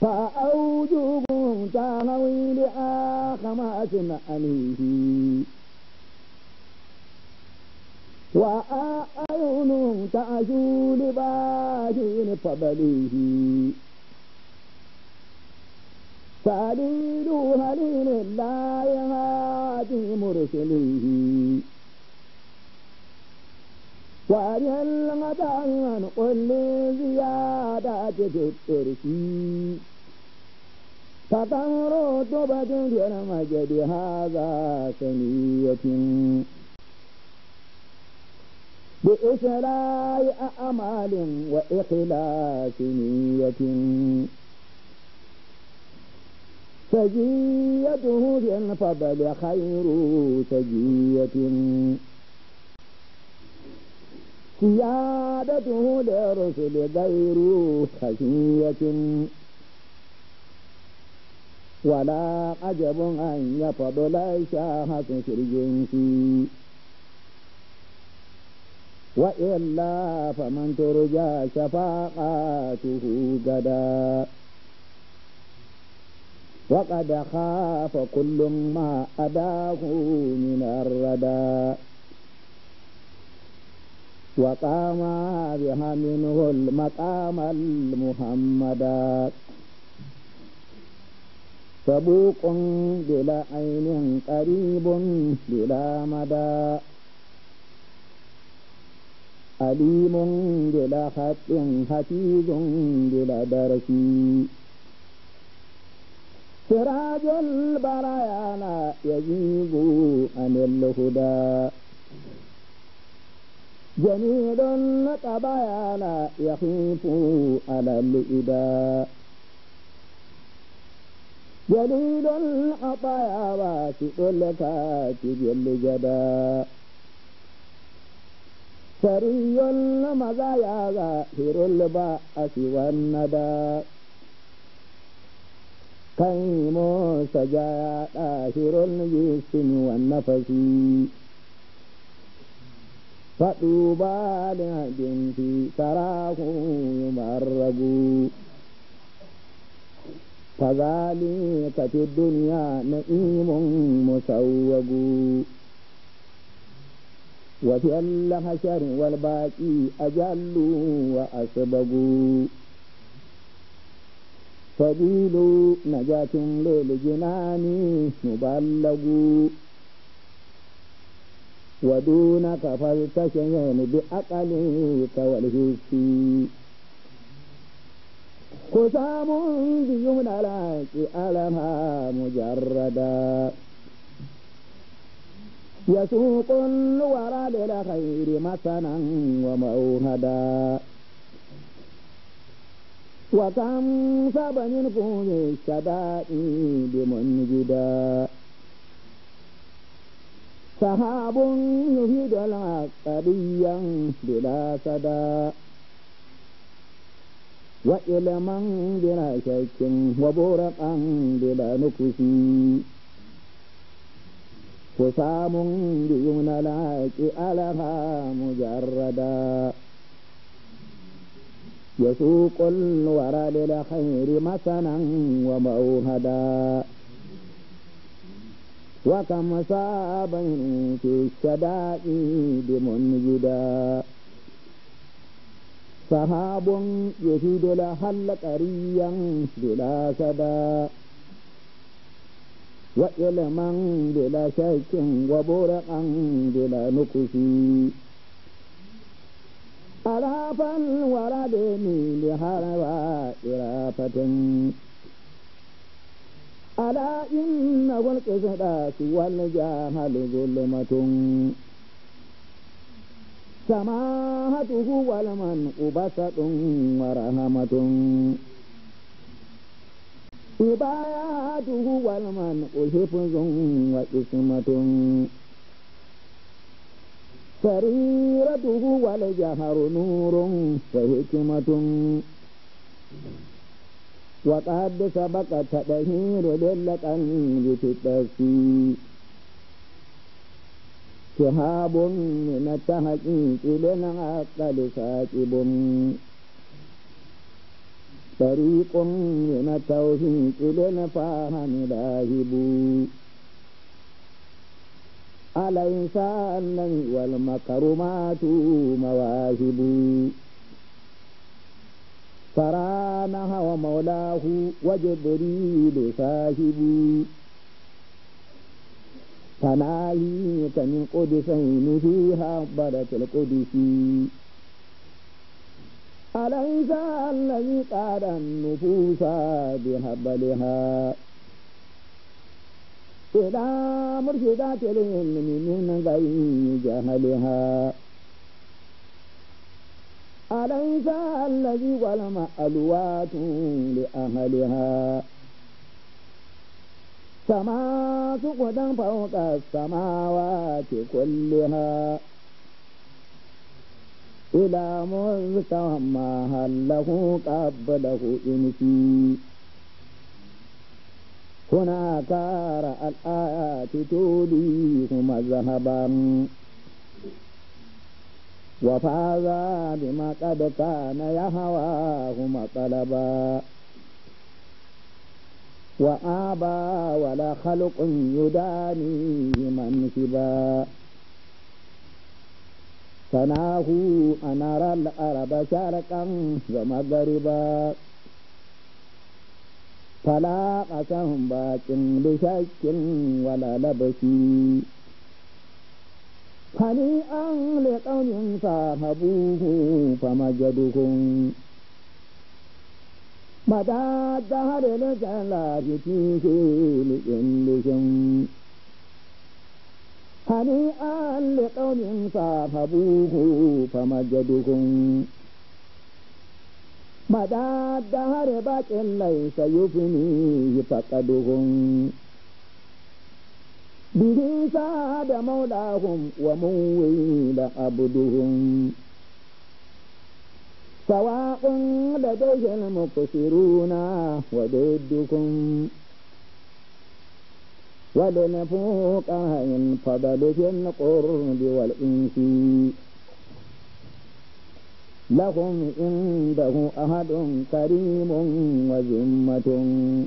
فأوجوه تنوي لآخمات أنيه وأعين تعجول لباجين فبليه فليل هليل لا يهادي مرسليه وارها لمدعن قل زيادة في الترك فتمر تبج مجد هذا سنية بإسراء أعمال وإخلاص نية سجيته في الفضل خير سجية سيادته للرسل غير خشية ولا عجب أن يفضل شاهة في الجنس وإلا فمن ترجى شفاعته غدا وقد خاف كل ما أداه من الردى وقام بها منه المقام المحمد سبوق بلا عين قريب بلا مدى أليم بلا خط حفيظ بلا درس سراج لا يزيغ عن الهدى جميل كبيانا يخيف على الإباء جليل العطايا واسع الكاتب الجباء سري المزايا ظاهر البأس والندى قيم سجايا ظاهر الجسم والنفس فطوبى لعبد في ثراه يمرق فذلك في الدنيا نعيم مسوق وفي الحشر والباقي أجل وأسبق سبيل نجاة للجنان مبلغ ودونك فلتشهن بأقلك والهس خسام بيمنى لك ألمها مجردا يسوق الورى للخير مثلا وموهدا وكم سبا من الشدائد منجدا سحاب يهد الحق بلا سدى وإلما بلا شك وبرقا بلا نقص حسام دون العاك ألها مجردا يسوق الورى للخير مثلا وموهدا وكم صابا في الشدائد منجدا سحاب يشد لحل قريا بلا سدا وإلما بلا شك وبرقا بلا نقص أرافا ورد من لحرفا إرافة ألا إنه القسطاس والجهل ظلمة سماهته والمنء أبسط ورحمة عباياته والمن أحفظ وإسمة سريرته والجهر نور وحكمة وقد سبق تدهير دلة بتتسي شهاب من التحقيق للعقل ساكب طريق من لنا فاهم لاهب أليس أنني والمكرمات مواهب فرانها ومولاه وجبريل صاحب فناهيك من قدسين فيها برة القدس أليس الذي قال النفوس بهبلها إلى مرشدات العلم من غير جهلها أليس الذي ظلم ألوات لأهلها سماء سقدا فوق السماوات كلها إلى مستوى ما هل له قبله إنسي هناك رأى الآيات توليه مذهبا وفاز بما قد كان يهواه مطلبا وآبى ولا خلق يداني منكبا فناه أن أرى الأرب شرقا ومغربا فلا قسم باك بشك ولا لبسي هنيئا لقوم صاحبوه فمجدهم مدى الدهر الجلال فيه لجلهم هنيئا لقوم صاحبوه فمجدهم مدى الدهر باق ليس يفنيه فقدهم به ساد مولاهم ومويل عبدهم سواء لديه المقصرون وضدكم وللفقهاء الفضل في القرب والإنس لهم عنده أحد كريم وذمة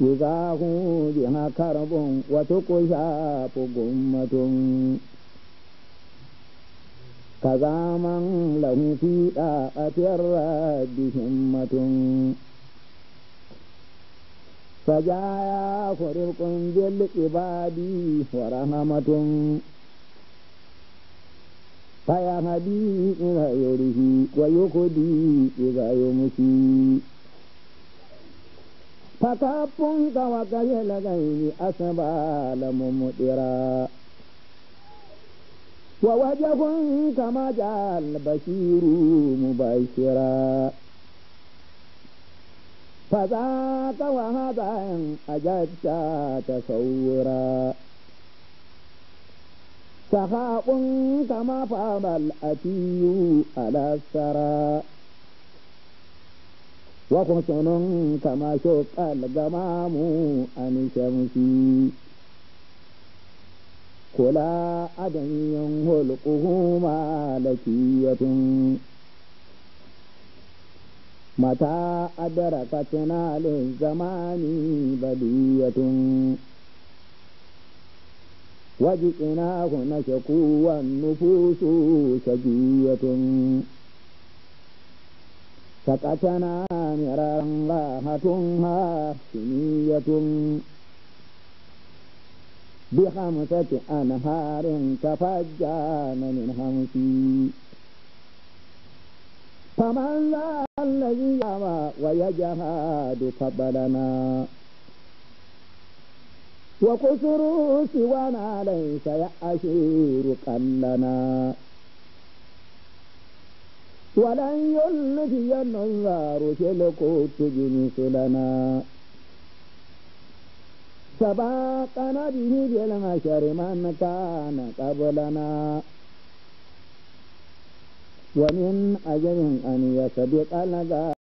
إذا هودها كرب وتقشاف قمة كذا من له في طاعة الرب همة فجايا فرق بالعباد ورحمة فيهدي إلى يره ويهدي إلى يمشي فكابون توكل لديه أسبال ممطرا ووجه كما جاء البشير مبشرا فذاك وهذا أجدت تصورا سخاء كما فاب الأتي على السرى وقمصن كما شق الغمام عن شمسي كلا أدعي خلقه مالكية متى أدركتنا للزمان بدية وجئناه نشكو والنفوس شجية فقتنا مرا لاهة سنية بخمسة أنهار تفجان من خمس فمن ذا الذي يرى ويجهاد قبلنا وقصر سوانا ليس يأشير قلنا ولن يلجي النظار في القطب مثلنا سباقنا به بالمشر من كان قبلنا ومن أجل أن يسبق النظار